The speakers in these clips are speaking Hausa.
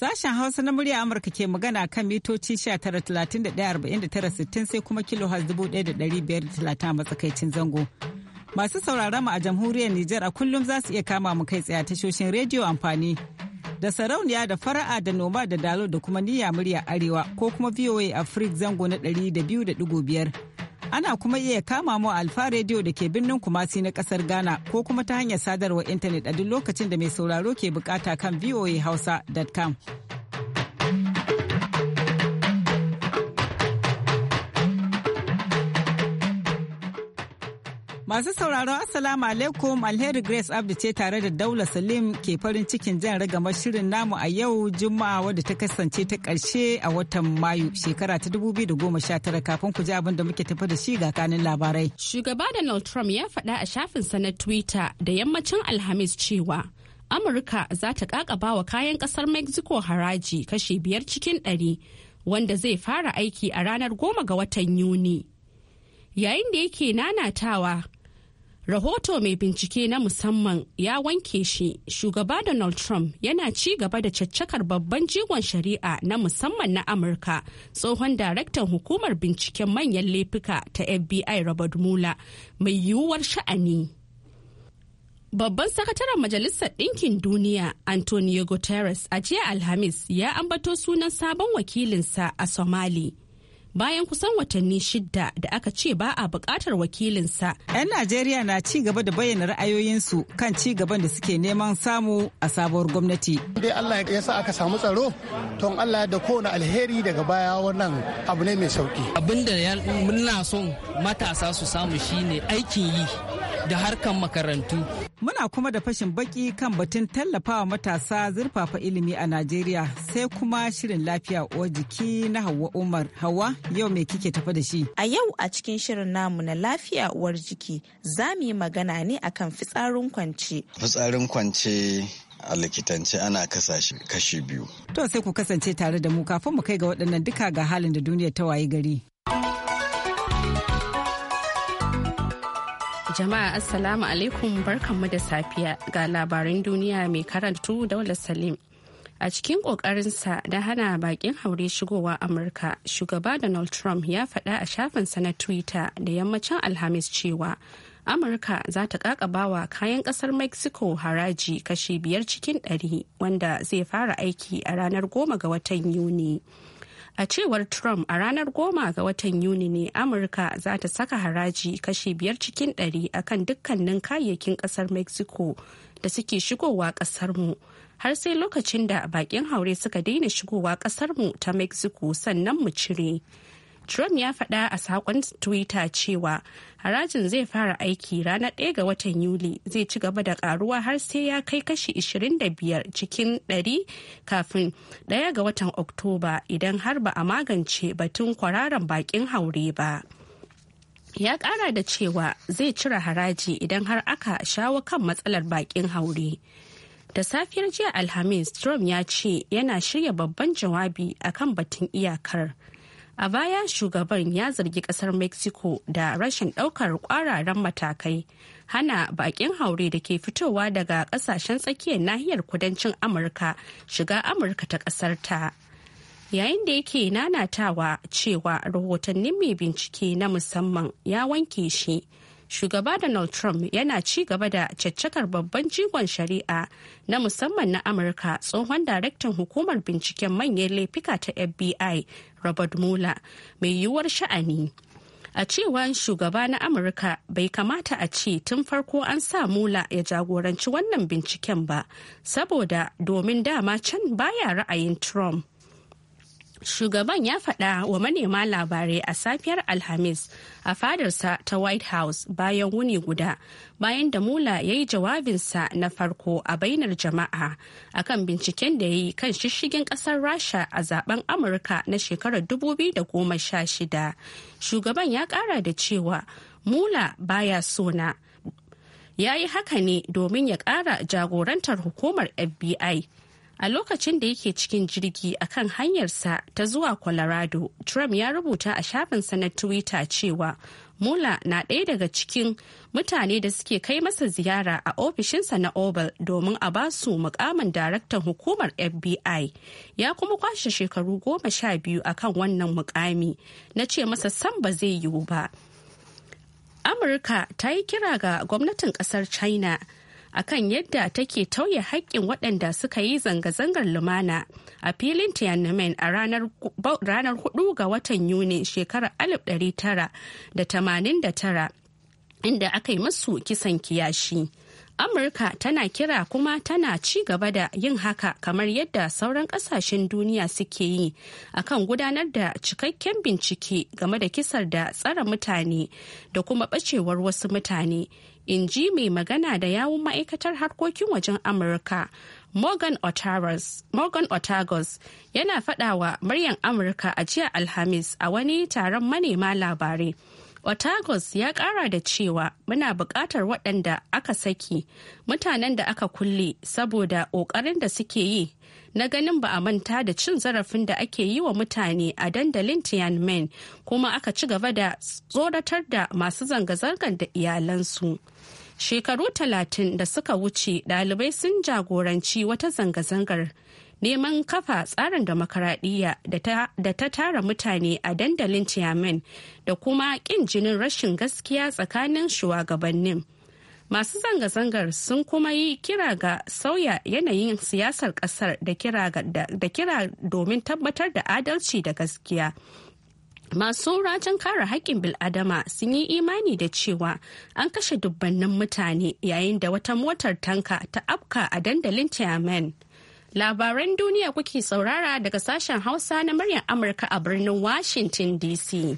Sashen Hausa na murya Amurka ke magana kan mitoci 19,31,49,60 sai kuma kilo a matsakaicin zango. Masu sauraron mu a jamhuriyar Nijar a kullum za su iya kama mu kai tsaye tashoshin rediyo amfani da sarauniya da fara'a da noma da dalo da kuma niyya murya arewa ko kuma VOA Africa zango na 200.5 Ana kuma iya kama mu Alfa Radio da ke birnin Kumasi na kasar Ghana ko kuma ta hanyar sadarwar intanet a duk lokacin da mai sauraro ke bukata kan voahausa.com. Masu sauraro Assalamu alaikum Alheri Grace Abdu ce tare da Daula Salim ke farin cikin jan ragamar shirin namu a yau Juma'a wadda ta kasance ta ƙarshe a watan Mayu shekara ta 2019 kafin ku ji abin da muke tafi da shi ga kanin labarai. Shugaba Donald Trump ya faɗa a shafin sa na Twitter da yammacin Alhamis cewa Amurka za ta ƙaƙabawa kayan ƙasar Mexico haraji kashe biyar cikin ɗari wanda zai fara aiki a ranar goma ga watan Yuni. Yayin da yake nanatawa Rahoto mai bincike na musamman ya wanke shi shugaba Donald Trump yana ci gaba da caccakar babban jigon shari'a na musamman na Amurka tsohon daraktan hukumar binciken manyan laifuka ta FBI Robert Mueller mai yiwuwar sha'ani. Babban sakataren Majalisar Ɗinkin Duniya Antonio Guterres a jiya Alhamis ya ambato sunan sabon wakilinsa a Somali. bayan kusan watanni shidda da aka ce ba a bukatar wakilinsa. 'Yan Najeriya na ci gaba da bayyana ra'ayoyinsu kan ci gaban da suke neman samu a sabuwar gwamnati. Dai Allah ya sa aka samu tsaro, ton Allah da kowane alheri daga baya wannan abu ne mai sauki. Abin da muna son matasa su samu shine aikin yi. da harkan makarantu. Muna kuma da fashin baki kan batun tallafawa matasa zurfafa ilimi a Najeriya sai kuma shirin lafiya uwar jiki na Hauwa Umar. Hauwa yau mai kike tafi da shi? A yau a cikin shirin namu na lafiya uwar jiki za mu yi magana ne akan fitsarin kwance. Fitsarin kwance a likitance ana kasashe kashi biyu. To sai ku kasance tare da mu kafin mu kai ga waɗannan duka ga halin da duniya ta wayi gari. Jama'a Assalamu alaikum barkanmu da safiya ga labarin duniya mai karantu Daula Salim. A cikin ƙoƙarinsa da hana bakin haure shigowa Amurka, shugaba Donald Trump ya faɗa a shafin sa na Twitter da yammacin Alhamis cewa Amurka za ta ƙaƙabawa kayan ƙasar Mexico haraji kashi biyar cikin ɗari wanda zai fara aiki a ranar goma ga watan Yuni. A cewar Trump a ranar goma ga watan Yuni ne Amurka za ta saka haraji kashi biyar cikin ɗari kan dukkanin kayayyakin ƙasar Mexico da suke shigowa ƙasarmu. Har sai lokacin da bakin haure suka daina shigowa ƙasarmu ta Mexico sannan mu cire. Trump ya faɗa a saƙon Twitter cewa harajin zai fara aiki ranar 1 ga watan Yuli zai ci gaba da ƙaruwa har sai ya kai kashi 25 cikin 100 kafin 1 ga watan Oktoba idan har ba a magance batun kwararan bakin haure ba. Ya ƙara da cewa zai cire haraji idan har aka shawo kan matsalar bakin haure. da safiyar jiya alhamis trump ya ce yana shirya babban jawabi akan batun iyakar A baya shugaban ya zargi kasar Mexico da rashin daukar ƙwararan matakai hana bakin haure da ke fitowa daga kasashen tsakiyar nahiyar kudancin Amurka shiga Amurka ta kasar ta. Yayin da yake nanatawa cewa rahotannin mai bincike na musamman ya wanke shi. shugaba donald trump yana ci gaba da caccakar babban jigon shari'a na musamman na amurka tsohon daraktan hukumar binciken manyan laifuka ta fbi robert mueller mai yiwuwar sha'ani a cewan shugaba na amurka bai kamata a ce tun farko an sa mula ya jagoranci wannan binciken ba saboda domin dama can baya ra'ayin trump shugaban ya faɗa wa manema labarai a safiyar alhamis a fadarsa ta white house bayan wuni guda bayan da mula ya yi jawabinsa na farko a bainar jama'a akan binciken da ya yi kan shishigin ƙasar rasha a zaben amurka na shekarar 2016 shugaban ya ƙara da cewa mula baya sona ya yi haka ne domin ya ƙara jagorantar hukumar fbi A lokacin da yake cikin jirgi a kan hanyarsa ta zuwa Colorado, Trump ya rubuta a shafinsa na Twitter cewa Mula na ɗaya daga cikin mutane da suke kai masa ziyara a ofishinsa na Oval domin a ba su mukamin daraktan hukumar FBI. Ya kuma kwashe shekaru goma sha biyu a kan wannan mukami. Na ce masa san ba zai yiwu ba. Amurka ta yi kira ga gwamnatin ƙasar China akan yadda take tauye haƙƙin waɗanda suka yi zanga-zangar lumana a filin tiananmen a ranar 4 ga watan yuni shekarar 1989 inda aka yi masu kisan kiyashi. Amurka tana kira kuma tana ci gaba da yin haka kamar yadda sauran kasashen duniya suke yi akan gudanar da cikakken bincike game da kisar da tsare mutane da kuma bacewar wasu mutane. In ji mai magana da yawun ma'aikatar harkokin wajen Amurka Morgan Otagos yana faɗawa muryar Amurka a jiya Alhamis a wani taron manema labarai. Otagos ya kara da cewa muna bukatar waɗanda aka saki mutanen da aka kulle saboda ƙoƙarin da suke yi na ganin ba a manta da cin zarafin da ake yi wa mutane a dandalin Tiananmen kuma aka ci gaba da tsoratar da masu zanga-zangar da iyalansu. Shekaru talatin da suka wuce ɗalibai sun jagoranci wata zanga-zangar neman kafa tsarin demokaradiyya da ta tara mutane a dandalin tiamen da kuma ƙin jinin rashin gaskiya tsakanin shugabannin. masu zanga-zangar sun kuma yi kira ga sauya yanayin siyasar ƙasar da kira, da kira domin tabbatar da adalci da gaskiya masu rajin kare haƙƙin bil'adama sun yi imani da cewa an kashe dubbannin mutane yayin da wata motar tanka ta afka a dandalin tiamen Labaran duniya kuke saurara daga sashen Hausa na muryar Amurka a birnin Washington DC.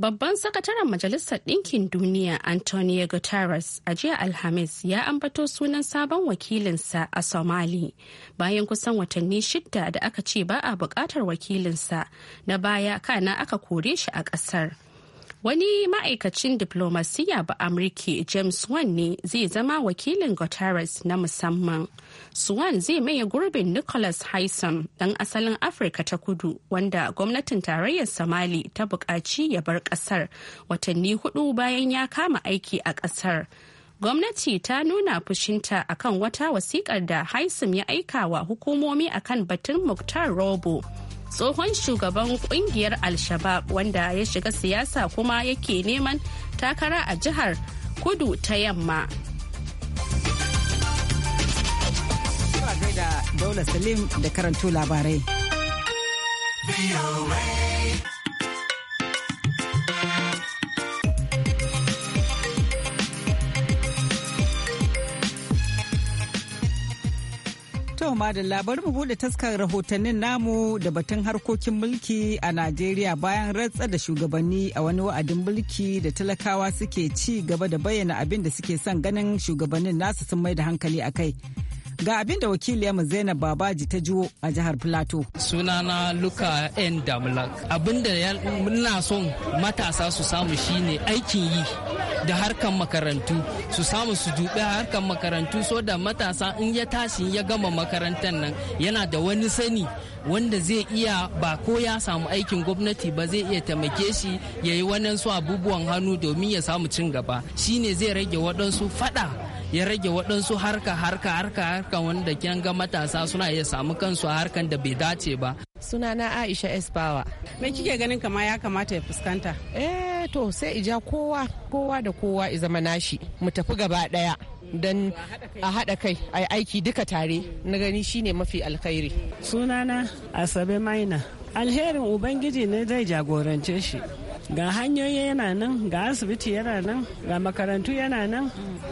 Babban sakataren Majalisar Ɗinkin Duniya Antonio Guterres a jiya Alhamis ya ambato sunan sabon wakilinsa a Somali bayan kusan watanni shidda da aka ce ba a buƙatar wakilinsa na baya kana aka kore shi a ƙasar. Wani ma'aikacin diplomasiya ba Amurki James Swan ne zai zama wakilin Guterres na musamman. Swan zai maye gurbin Nicholas Hyson ɗan asalin Afirka ta kudu wanda gwamnatin tarayyar Somali ta buƙaci ya bar ƙasar watanni hudu bayan ya kama aiki a ƙasar. gwamnati ta nuna fushinta akan wata wasikar da haisim ya aika wa hukumomi akan batun muktar robo tsohon shugaban kungiyar al wanda ya shiga siyasa kuma yake neman takara a jihar kudu ta yamma da Daula Salim da karanto labarai. To madalla bari mu bude taskar rahotannin namu da batun harkokin mulki a Najeriya bayan ratsa da shugabanni a wani wa'adin mulki da talakawa suke ci gaba da bayyana abin da suke son ganin shugabannin nasu sun mai da hankali a kai. Ga abin da wakiliyarmu Zainab Babaji ta jiwo a jihar Filato. Sunana Luka N. Damlak. Abin da muna son matasa su samu shine aikin yi. da harkan makarantu su samu su dubi harkan makarantu so da matasa in ya tashi ya gama makarantar nan yana da wani sani wanda zai iya ba ko ya samu aikin gwamnati ba zai iya taimake shi ya yi waɗansu abubuwan hannu domin ya samu cin gaba shine zai rage waɗansu fada ya rage waɗansu harka harka harka harka wanda kyan ga matasa suna iya samu kansu a harkan da bai dace ba sunana aisha esbawa me kike ganin kama ya kamata ya fuskanta eh to sai ija kowa kowa da kowa i zama nashi mu tafi gaba daya don a haɗa kai a yi aiki duka tare na gani shine mafi alkhairi sunana asabe maina alherin ubangiji ne zai jagorance shi ga hanyoyi yana nan ga asibiti yana nan ga makarantu yana nan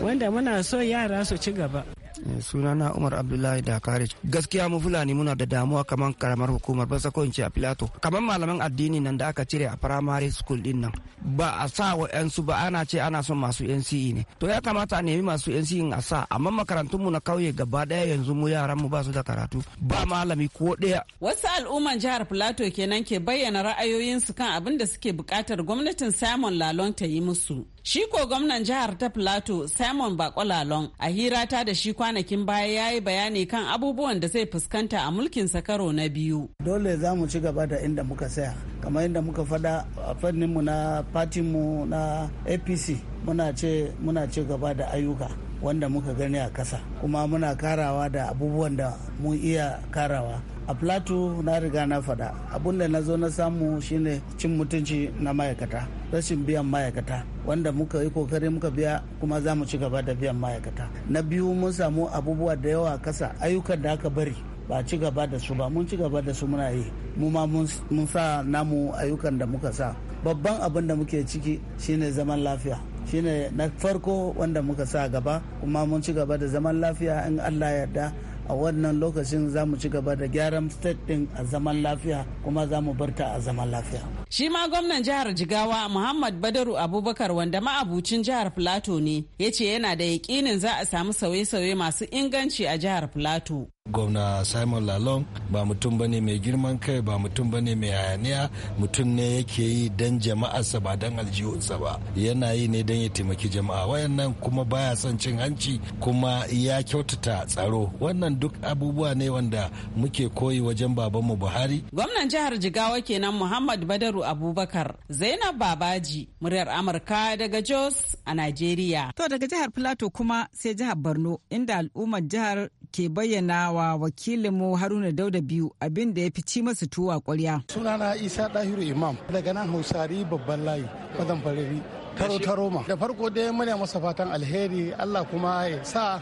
wanda muna so yara su ci gaba Eh, sunana umar abdullahi da kare gaskiya mu fulani muna da damuwa kamar karamar hukumar ba sako a filato kamar malaman addini nan da aka cire a primary school din nan ba a sa wa yansu ba ana ce ana son masu nce ne to ya kamata a nemi masu nce a sa amma makarantun mu na kauye gaba daya yanzu mu yaran mu ba su da karatu ba malami ko daya wasu al'umman jihar filato kenan ke bayyana ra'ayoyinsu kan abin da suke bukatar gwamnatin simon lalon ta yi musu Shi ko gwamnan jihar ta Plateau Simon bakwalalon a hira ta da shi kwanakin baya ya yi bayani kan abubuwan da zai fuskanta a mulkin sakaro na biyu. Dole za mu ci gaba da inda muka saya, kamar inda muka fada a fanninmu na fatinmu na APC muna ce muna ci gaba da ayyuka. wanda muka gani a kasa kuma muna karawa da abubuwan da mun iya karawa a plato na riga na faɗa abun da na zo na samu shine cin mutunci na ma'aikata rashin biyan ma'aikata wanda muka yi kokari muka biya kuma za mu ci gaba da biyan ma'aikata na biyu mun samu abubuwa da yawa kasa ayyukan da aka bari ba ci gaba da su ba mun ci gaba da su muna yi mu ma mun sa namu ayyukan da muka sa babban abin da muke ciki shine zaman lafiya shine na farko wanda muka sa gaba kuma mun ci gaba da zaman lafiya in allah yarda a wannan lokacin za mu ci gaba da gyaran state din a zaman lafiya kuma za mu barta a zaman lafiya Shi ma gwamnan jihar Jigawa Muhammad Badaru Abubakar wanda ma'abucin jihar Filato ne ya ce yana da yakinin za a samu sauye-sauye masu inganci a jihar Filato. gwamna simon lalong ba mutum bane mai girman kai ba mutum bane mai hayaniya mutum ne yake yi don jama'arsa ba don aljihunsa ba yana yi ne don ya taimaki jama'a wayannan kuma baya son cin hanci kuma ya kyautata tsaro wannan duk abubuwa ne wanda muke koyi wajen babanmu buhari gwamnan jihar jigawa kenan muhammad badaru Abubakar, Zainab Babaji, muryar Amurka daga Jos a nigeria. To daga jihar Filato kuma sai jihar Borno inda al'ummar jihar ke bayyana wa wakilinmu Haruna Dauda biyu abin da ya fi ci masu tuwa kwarya. Sunana Isa Dahiru Imam daga nan Hausari babban layi, Madan Fariri. Taro ma Da farko dai muna masa fatan alheri Allah kuma ya sa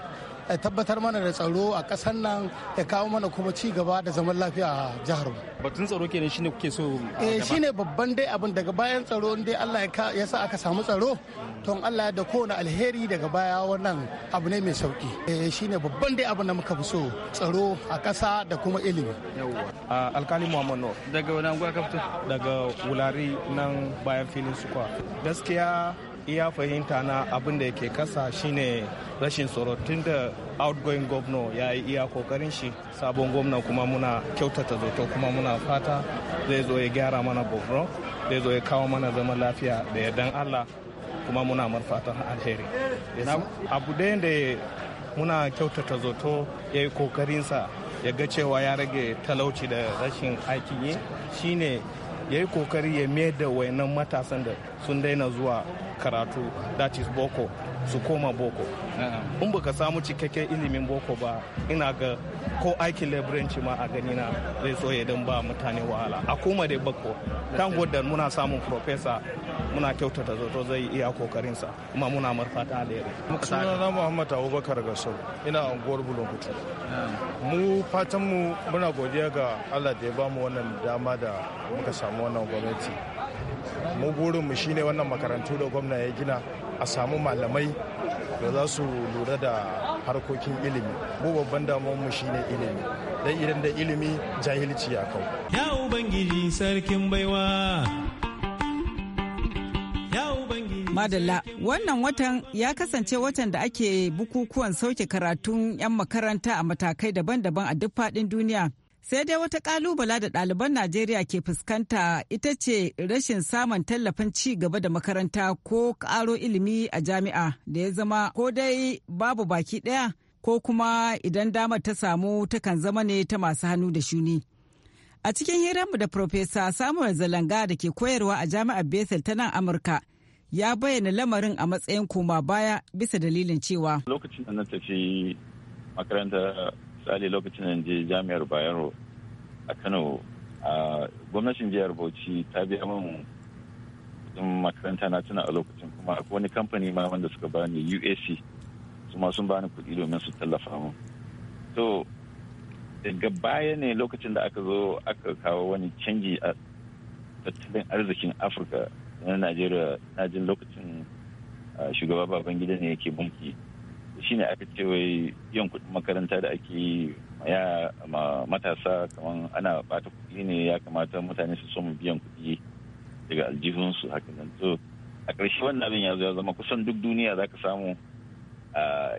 ya tabbatar mana da tsaro a ƙasar nan ya kawo mana kuma ci gaba da zaman lafiya a jihar mu batun tsaro kenan shine kuke so eh shine babban dai abin daga bayan tsaro dai Allah ya sa aka samu tsaro to Allah ya da kowane alheri daga baya wannan abu ne mai sauki eh shine babban dai abin da muka fi so tsaro a ƙasa da kuma ilimi alkali Muhammad Nur daga wani anguwa ka daga wulari nan bayan filin sukwa gaskiya iya fahimta na abin da yake kasa shine rashin tsoro tun da outgoing governor ya yi iya kokarin shi sabon gwamna kuma muna kyautata zoto kuma muna fata zai zo ya gyara mana borno zai zo ya kawo mana zaman lafiya da yardan allah kuma muna marfatan alheri abu da da muna kyautata zoto ya yi kokarinsa ya ga cewa ya rage talauci da rashin aikin yi shine ya yi kokari ya mayar da wayannan matasan da sun daina zuwa karatu that is boko su koma boko in ka samu cikakken ilimin boko ba ina ga ko aikin labiranci ma a gani na zai so don ba mutane wahala a koma dai bako kan da muna samun profesa muna kyautata zato zai iya kokarinsa kuma muna marfata alheri sunana muhammad abubakar gasol ina anguwar bulunkutu mu fatan mu muna godiya ga allah da ya bamu wannan dama da muka samu wannan gwamnati mu burinmu shine wannan makarantu da gwamna ya gina a samu malamai da za su lura da harkokin ilimi mu babban damuwanmu shine ilimi dan idan da ilimi jahilci ya kau ya ubangiji sarkin baiwa Madalla wannan watan ya kasance watan da ake bukukuwan sauke karatun 'yan makaranta a matakai daban-daban a duk faɗin duniya. sai dai wata kalubala da ɗaliban najeriya ke fuskanta ita ce rashin samun tallafin ci gaba da makaranta ko ƙaro ilimi a jami'a da ya zama ko dai babu baki ɗaya ko kuma idan damar ta samu takan zama ne ta masu hannu da shuni a cikin hiranmu da profesa samuel zalanga da ke koyarwa a jami'ar bethel ta nan amurka ya bayyana lamarin a matsayin koma baya bisa dalilin cewa lokacin da na tafi makaranta misali lokacin da je jami'ar bayero a kano a gwamnatin jihar bauchi ta biya min kudin makaranta na tuna a lokacin kuma akwai wani kamfani ma wanda suka ba ni uac su ma sun bani kuɗi domin su tallafa mu to daga baya ne lokacin da aka zo aka kawo wani canji a tattalin arzikin afirka na najeriya na jin lokacin shugaba baban gida ne yake mulki shine aka ce wai yin kuɗin makaranta da ake yi ma matasa kamar ana bata kuɗi ne ya kamata mutane su so mu biyan kuɗi daga aljihunsu haka nan to a ƙarshe wannan abin ya zama kusan duk duniya za ka samu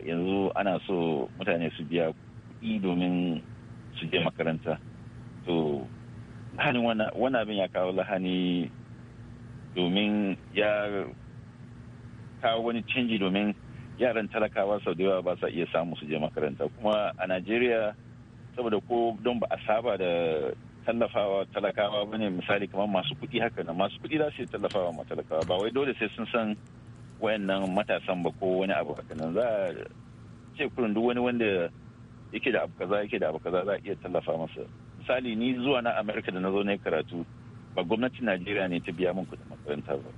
yanzu ana so mutane su biya kuɗi domin su je makaranta to lahanin wani abin ya kawo lahani domin ya kawo wani canji domin yaran talakawa sau da yawa ba sa iya samu su je makaranta kuma a najeriya saboda ko don ba a saba da tallafawa talakawa ba ne misali kamar masu kuɗi haka na masu kuɗi za su yi tallafawa ma talakawa ba wai dole sai sun san wayannan matasan ba ko wani abu haka nan za a ce kurin duk wani wanda yake da abu kaza yake da abu kaza za a iya tallafa masa misali ni zuwa na amerika da na zo na karatu ba gwamnatin najeriya ne ta biya min kuɗin makaranta ba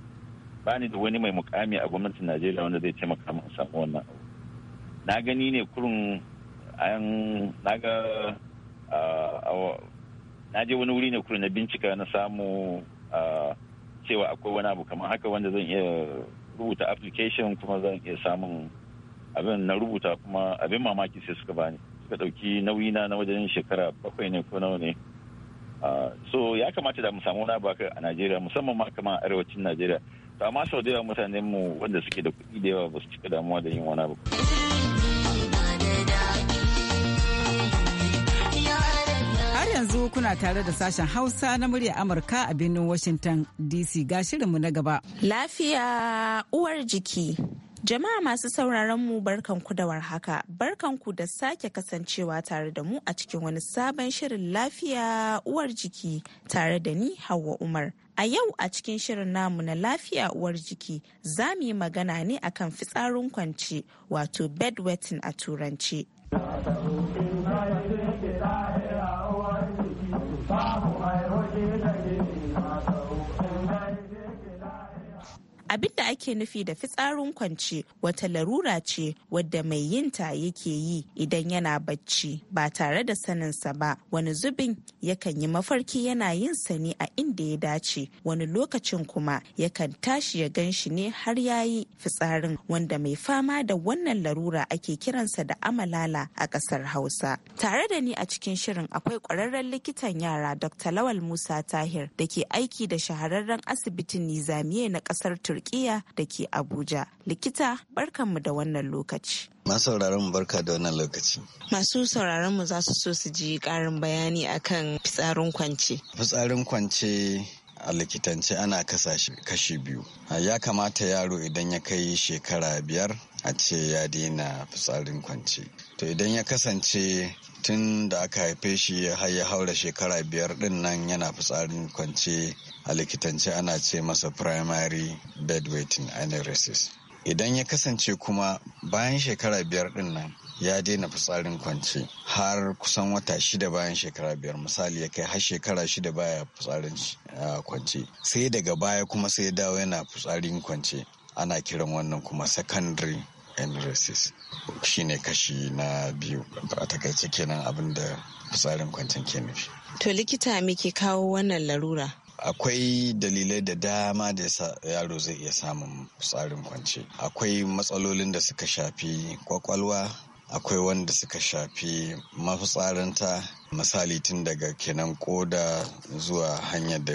bani da wani mai mukami a gwamnatin najeriya wanda zai taimaka mu samu wannan na gani ne kurin an na ga na je wani wuri ne kurin na bincika na samu cewa akwai wani abu kamar haka wanda zan iya rubuta application kuma zan iya samun abin na rubuta kuma abin mamaki sai suka bani suka dauki nauyi na na wajen shekara bakwai ne ko nawa ne so ya kamata da mu samu wani abu a najeriya musamman ma kama arewacin najeriya ma sau da yawa mutanen mu wanda suke da kuɗi da yawa ba su cika damuwa da yin wani abu har yanzu kuna tare da sashen hausa na murya amurka a birnin washington dc ga shirinmu na gaba lafiya uwar jiki Jama'a masu sauraron mu barkanku da warhaka, barkanku da sake kasancewa tare da mu a cikin wani sabon shirin lafiya uwar jiki tare da ni Hauwa Umar. A yau a cikin shirin namu na lafiya uwar jiki za mu yi magana ne akan fitsarin kwance wato bedwetting a turanci. abin da ake nufi da fitsarin kwance wata larura ce wadda mai yinta yake yi idan yana bacci ba tare da saninsa ba wani zubin yakan yi mafarki yana yin sa ne a inda ya dace wani lokacin kuma yakan tashi ya gan shi ne har yayi fitsarin wanda mai fama da wannan larura ake kiransa da amalala a ƙasar hausa tare da ni a cikin shirin akwai ƙwararren likitan yara dr lawal musa tahir da ke aiki da shahararren asibitin nizamiye na ƙasar turkiya da ke abuja likita barkanmu da wannan lokaci Masu sauraron mu barka da wannan lokaci. Masu sauraron mu za su so su ji karin bayani akan fitsarin kwance. Fitsarin kwance a likitance ana kasa kashi biyu. Ya kamata yaro idan ya kai shekara biyar a ce ya daina fitsarin kwance. To idan ya kasance tun da aka haife shi har ya haura shekara biyar din nan yana fitsarin kwance a likitance ana ce masa primary bedwetting aneurysis idan ya kasance kuma bayan shekara biyar din nan ya daina fitsarin kwance har kusan wata shida bayan shekara biyar misali ya kai har shekara shida baya fitsarin kwance sai daga baya kuma sai dawo yana fitsarin kwance ana kiran wannan kuma secondary nrss shine kashi na biyu a takaice kenan abin da tsarin kwancin ke nufi to likita me ke kawo wannan larura akwai dalilai da dama da yaro zai iya samun tsarin kwance akwai matsalolin da suka shafi kwakwalwa akwai wanda suka shafi mafitsarinta misali tun daga kenan koda zuwa hanyar da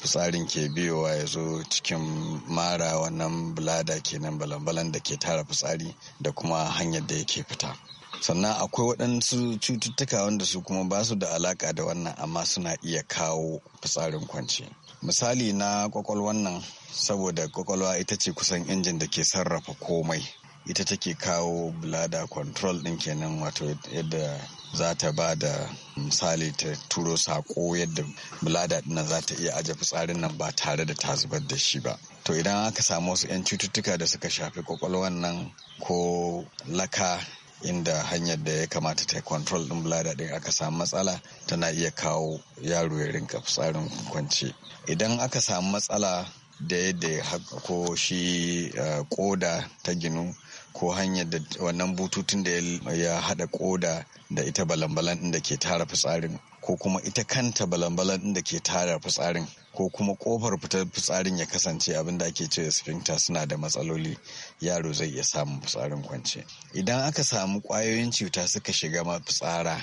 fitsarin ke biyowa ya zo cikin mara wannan bulada kenan balan-balan da ke tara fitsari da kuma hanyar da yake fita sannan akwai waɗansu cututtuka wanda su kuma ba su da alaka da wannan amma suna iya kawo fitsarin kwance misali na kwakwalwa nan saboda kwakwalwa ita ce kusan injin da ke sarrafa komai ita take kawo bladder control din kenan wato yadda za ta ba da misali ta turo sako yadda bladder din za ta iya aje fitsarin nan ba tare da ta zubar da shi ba to idan aka samu wasu 'yan cututtuka da suka shafi kwakwalwan nan ko laka inda hanyar da ya kamata ta control din bladder din aka samu matsala tana iya kawo yaro ya rinka fitsarin kwance idan aka samu matsala da yadda ko shi koda eh, ta ginu ko hanyar da wannan bututun da ya haɗa koda da ita balambalan ɗin da ke tara fitsarin ko kuma ita kanta balambalan ɗin da ke tara fitsarin ko kuma kofar fitar fitsarin ya kasance abin da ake cewa sphincter suna da matsaloli yaro zai iya samun fitsarin kwance idan aka samu kwayoyin cuta suka shiga fitsara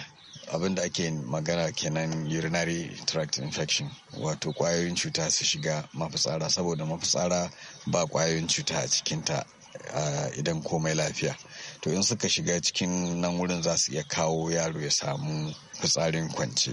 abin da ake magana kenan urinary tract infection wato kwayoyin cuta su shiga mafitsara saboda mafitsara ba kwayoyin cuta a cikinta idan komai lafiya to in suka shiga cikin nan wurin za su iya kawo yaro ya samu fitsarin kwance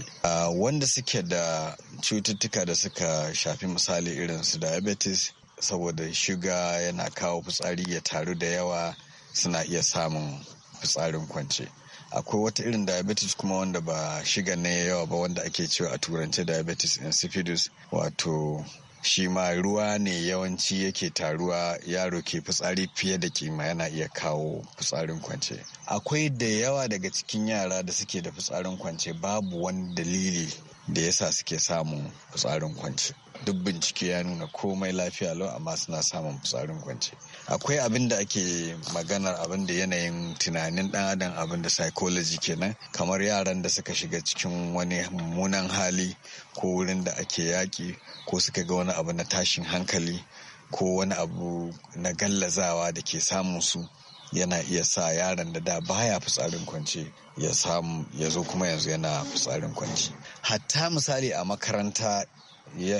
wanda suke da cututtuka da suka shafi misali irin su diabetes saboda shiga yana kawo fitsari ya taru da yawa suna iya samun fitsarin kwance akwai wata irin diabetes kuma wanda ba shiga ne yawa ba wanda ake cewa a turance diabetes insipidus wato shi ma ruwa ne yawanci yake taruwa yaro ke fitsari fiye da kima yana iya kawo fitsarin kwance akwai da yawa daga cikin yara da suke da fitsarin kwance babu wani dalili da yasa suke samun fitsarin kwance duk bincike ya nuna komai lafiya lau amma suna samun fitsarin kwance akwai abin da ake maganar abin da yanayin tunanin dan adam abin da psychology kenan kamar yaran da suka shiga cikin wani mummunan hali ko wurin da ake yaki ko suka ga wani abu na tashin hankali ko wani abu na gallazawa da ke samun su yana iya sa yaran da da baya fitsarin kwance ya samu ya zo kuma yanzu yana fitsarin kwance hatta misali a makaranta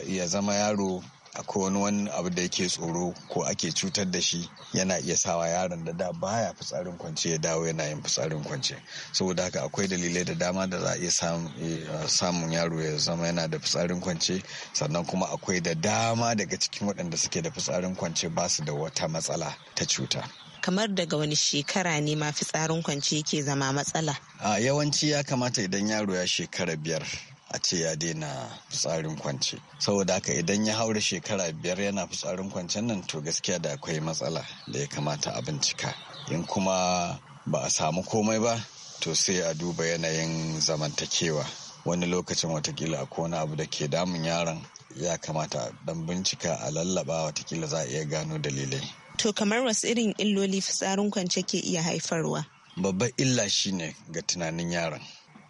ya zama yaro akwai wani wani abu da yake tsoro ko ake cutar da shi yana iya sawa yaron da da baya fitsarin kwance ya dawo yana yin fitsarin kwance saboda haka akwai dalilai da dama da za a iya eh, samun yaro ya zama yana da fitsarin kwance sannan kuma akwai da dama daga cikin waɗanda suke da fitsarin kwance ba su da wata matsala ta cuta kamar daga wani shekara ne ma fitsarin kwance yake zama matsala a yawanci ya kamata idan yaro ya shekara biyar a ce ya daina fitsarin kwance saboda haka idan ya haura shekara biyar yana fitsarin kwancen nan to gaskiya da akwai matsala da ya kamata a bincika in kuma ba a samu komai ba to sai a duba yanayin zamantakewa wani lokacin watakila a kona abu da ke damun yaron ya kamata dan bincika a lallaba watakila za a iya gano dalilai to kamar wasu irin illoli fitsarin kwance ke iya haifarwa babbar illa shine ga tunanin yaron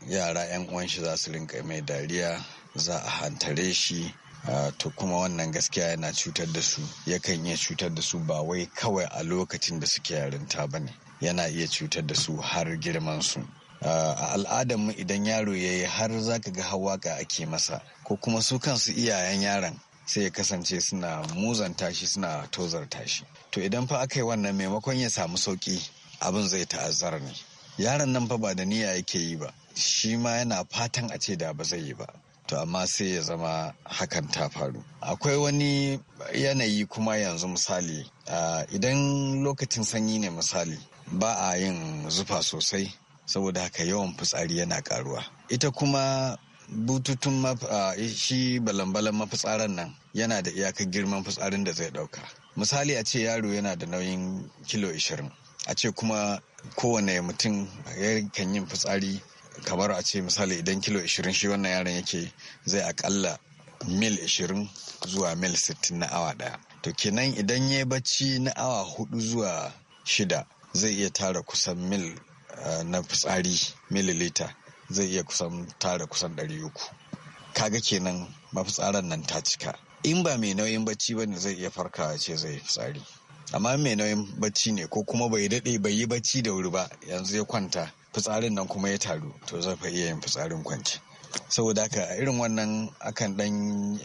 yara 'yan uwan shi za su rinka mai dariya za a hantare shi to kuma wannan gaskiya yana cutar da su yakan iya cutar da su ba wai kawai a lokacin da suke yarinta ba ne yana iya cutar da su har girman su a al'adar mu idan yaro ya yi har za ka ga hawa ka ake masa ko kuma su kansu iyayen yaron sai ya kasance suna muzanta shi suna tozarta shi to idan fa aka yi wannan maimakon ya samu sauki abin zai ta'azzara ne yaron nan fa ba da niyya yake yi ba shi ma yana fatan a ce da ba zai yi ba to amma sai ya zama hakan ta faru akwai wani yanayi kuma yanzu misali idan lokacin sanyi ne misali ba a yin zufa sosai saboda haka yawan fitsari yana karuwa ita kuma bututun shi balambalan mafitsaran nan yana da iyakar girman fitsarin da zai dauka misali a ce yaro yana da nauyin kilo 20 a ce kuma kowane mutum kan yin fitsari kamar a ce misali idan kilo 20 shi wannan yaron yake zai akalla mil 20 zuwa mil 60 na awa daya to kenan idan ya bacci na awa 4 zuwa 6 zai iya tara kusan mil eh, na fitsari mililita zai iya kusan tara kusan 300 kaga kenan mafitsaran nan ta cika in ba mai nauyin bacci ba ne zai iya farkawa ce zai fitsari amma mai nauyin bacci ne ko kuma bai daɗe bai yi bacci da wuri ba yanzu ya kwanta fitsarin nan kuma ya taru to zai fa iya yin fitsarin kwanci saboda haka a irin wannan akan dan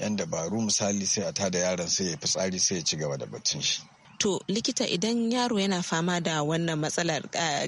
yan dabaru misali sai a tada yaron sai ya fitsari sai ya ci gaba da baccin shi to likita idan yaro yana fama da wannan matsalar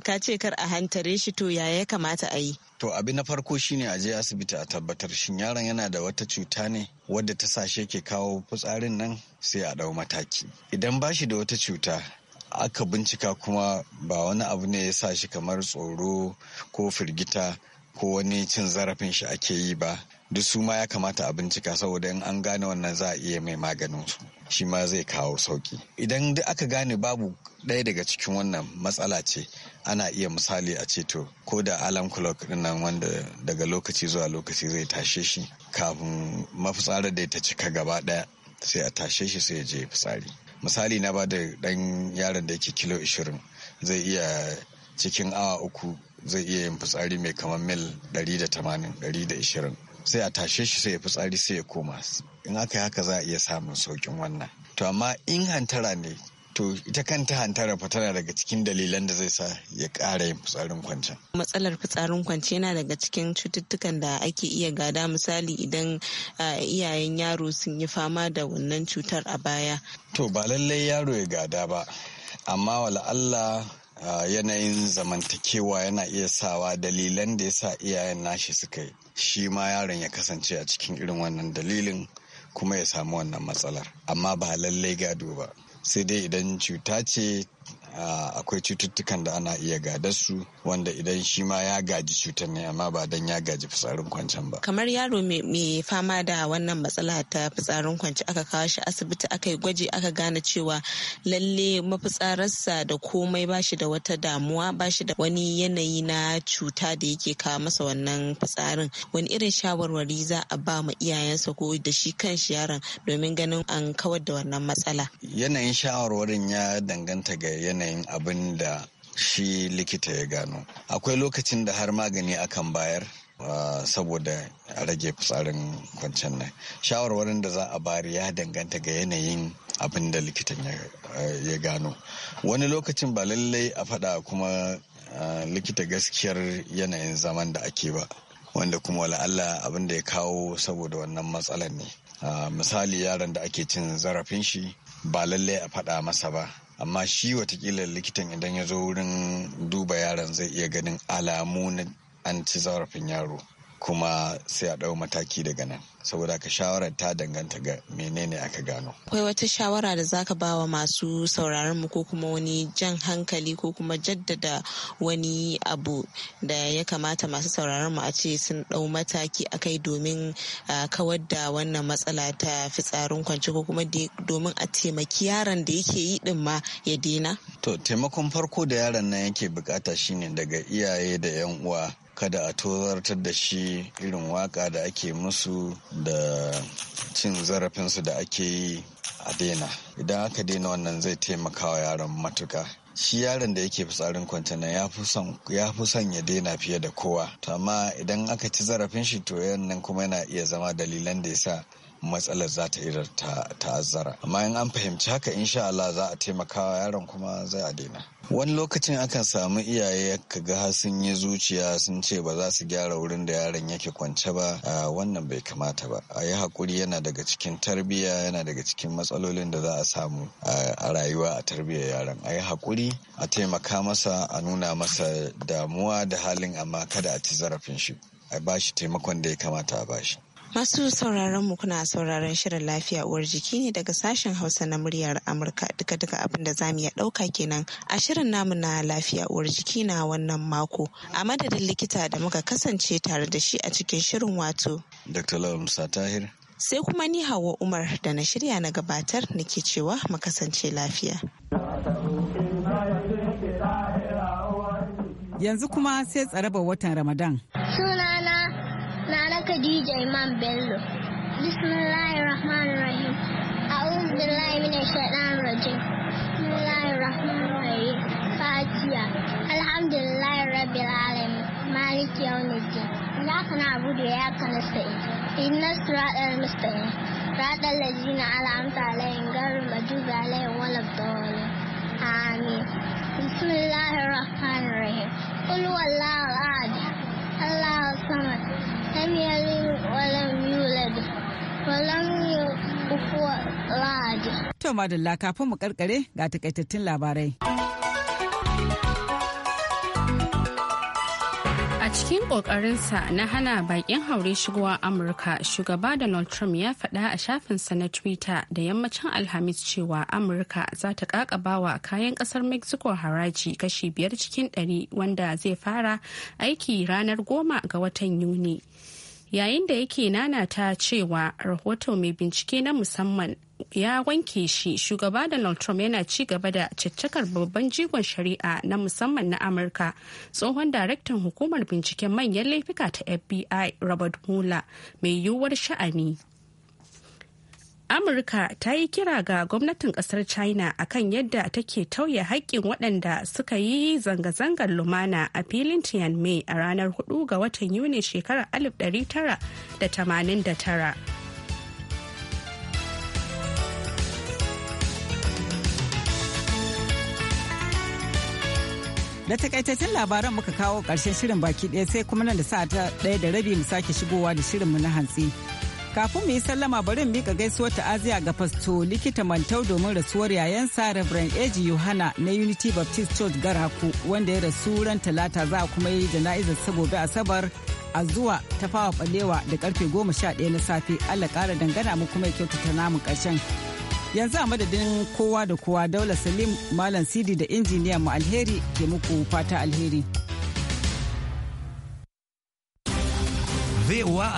ka ce kar a hantare shi to ya ya kamata a yi to abin na farko shine a je asibiti a tabbatar shin yaron yana da wata cuta ne wadda ta sashe ke kawo fitsarin nan sai a dau mataki idan ba shi da wata cuta aka bincika kuma ba wani abu ne ya sa shi kamar tsoro ko firgita ko wani cin zarafin shi ake yi ba duk su ma ya kamata a bincika saboda in an gane wannan za a iya mai maganin su shi ma zai kawo sauki idan duk aka gane babu ɗaya daga cikin wannan matsala ce ana iya misali a ce to ko da alam clock dinnan wanda daga lokaci zuwa lokaci zai tashe shi kafin mafitsarar da ta cika gaba ɗaya sai a tashe shi sai ya je fitsari misali na ba da dan yaron da yake kilo 20 zai iya cikin awa uku zai iya yin fitsari mai kamar mil 180-120 sai a tashe shi sai ya fitsari sai ya koma in aka yi haka za a iya samun saukin wannan to amma in hantara ne to ita kanta hantara fa tana daga cikin dalilan da zai sa ya ƙara yin fitsarin kwance. matsalar fitsarin kwance yana daga cikin cututtukan da ake iya gada misali idan iyayen yaro sun yi fama da wannan cutar a baya to ba lallai yaro ya gada ba amma wala Allah yanayin zamantakewa yana iya sawa dalilan da ya sa iyayen nashi suka yi shi ma yaron ya kasance a cikin irin wannan dalilin kuma ya samu wannan matsalar amma ba lallai gado ba sai dai idan cuta ce akwai cututtukan da ana iya gadar su wanda idan shi ma ya gaji cutar ne amma ba dan ya gaji fitsarin kwancen ba kamar yaro mai fama da wannan matsala ta fitsarin kwance aka kawo shi asibiti aka yi gwaji aka gane cewa lalle mafitsararsa da komai ba shi da wata damuwa ba shi da wani yanayi na cuta da yake kawo masa wannan fitsarin wani irin shawarwari za a ba ma iyayensa ko da shi kan shi yaron domin ganin an kawar da wannan matsala yanayin shawarwarin ya danganta ga yanayin yanayin abin da shi likita ya gano akwai lokacin da har magani akan bayar Uh, saboda a rage fitsarin kwancen nan shawarwarin da za a bari ya danganta ga yanayin abin da likitan eh, ya gano wani lokacin ba lallai a faɗa kuma ah, likita gaskiyar yanayin zaman da ake ba wanda kuma la'alla abin da ya kawo saboda wannan matsalar ne uh, misali yaron da ake cin zarafin shi ba lallai a faɗa masa ba amma shi watakila likitan idan ya zo wurin duba yaron zai iya ganin alamu na an ci zarafin yaro kuma sai a ɗau mataki daga nan saboda ka shawarar ta danganta ga menene aka gano akwai wata shawara da zaka ba wa masu sauraron mu ko kuma wani jan hankali ko kuma jaddada wani abu da ya kamata masu sauraron mu a ce sun ɗau mataki akai domin kawar da wannan matsala ta fitsarin kwance ko kuma domin a taimaki yaron da yake yi din ma ya daina to taimakon farko da yaron nan yake bukata shine daga iyaye da yan uwa kada a tozartar da shi irin waka da ake musu da cin zarafinsu da ake yi a daina idan aka daina wannan zai taimakawa wa yaron matuka shi yaron da yake fitsarin kwantana ya fi son ya daina fiye da kowa amma idan aka ci zarafin shi to yannan kuma yana iya zama dalilan da ya sa. matsalar za ta irar ta'azzara amma in an fahimci haka insha Allah za a taimakawa yaron kuma zai a daina wani lokacin akan samu iyaye ka ga sun yi zuciya sun ce ba za su gyara wurin da yaron yake kwance ba wannan bai kamata ba a yi hakuri yana daga cikin tarbiyya yana daga cikin matsalolin da za a samu a rayuwa a tarbiyyar yaron a yi hakuri a taimaka masa a nuna masa damuwa da halin amma kada a ci zarafin shi a bashi taimakon da ya kamata a ba shi. Masu sauraron mu kuna sauraron shirin lafiya uwar jiki ne daga sashen Hausa na muryar Amurka duka duka abin da zamu iya dauka kenan a shirin namu na lafiya uwar jiki na wannan mako a madadin likita da muka kasance tare da shi a cikin shirin wato. Dr. Lawal Tahir. Sai kuma ni Hauwa Umar da na shirya na gabatar nake cewa mu kasance lafiya. Yanzu kuma sai tsaraba watan Ramadan. Khadija Imam Bello. Bismillahirrahmanirrahim. A'udhu billahi minash Bismillahirrahmanirrahim. Fatiha. Alhamdulillahi rabbil alamin. مالك يوم الدين إياك نعبد وإياك نستعين إن الصراط المستقيم صراط الذين أنعمت عليهم غير المغضوب عليهم ولا الضالين آمين بسم الله الرحمن Alamiyar kuwa Lahadi. To Madalla kafin mu karkare ga takaitattun labarai. a cikin kokarinsa na hana bakin haure shigowa amurka shugaba donald trump ya faɗa a shafinsa na twitter da yammacin alhamis cewa amurka za ta kakabawa kayan ƙasar mexico haraji kashi biyar cikin ɗari wanda zai fara aiki ranar goma ga watan yuni yayin da yake nana ta cewa rahoto mai bincike na musamman ya wanke shi shugaba donald trump yana ci gaba da caccakar babban jigon shari'a na musamman na amurka tsohon daraktan hukumar binciken manyan laifuka ta fbi robert mueller mai yiwuwar sha'ani amurka ta yi kira ga gwamnatin kasar china akan yadda take tauye haƙƙin waɗanda suka yi zanga-zangar lumana a filin tiananmen a ranar 4 ga watan yuni shekarar 1989 da takaitaccen labaran muka kawo ƙarshen shirin baki ɗaya sai kuma nan da sa ta ɗaya da rabi mu sake shigowa da shirinmu na hantsi Kafin mu yi sallama bari mu miƙa gaisuwar ta'aziya ga fasto likita mantau domin rasuwar yayansa Reverend Eji Yohana na Unity Baptist Church Garaku wanda ya rasu ran talata za a kuma yi jana'izar saboda asabar a zuwa ta fawa balewa da karfe goma sha ɗaya na safe Allah kara dangana mu kuma ya kyautata namu ƙarshen. Yanzu a madadin kowa da kowa Daula Salim Malam Sidi da injiniyan mu alheri ke muku fata alheri.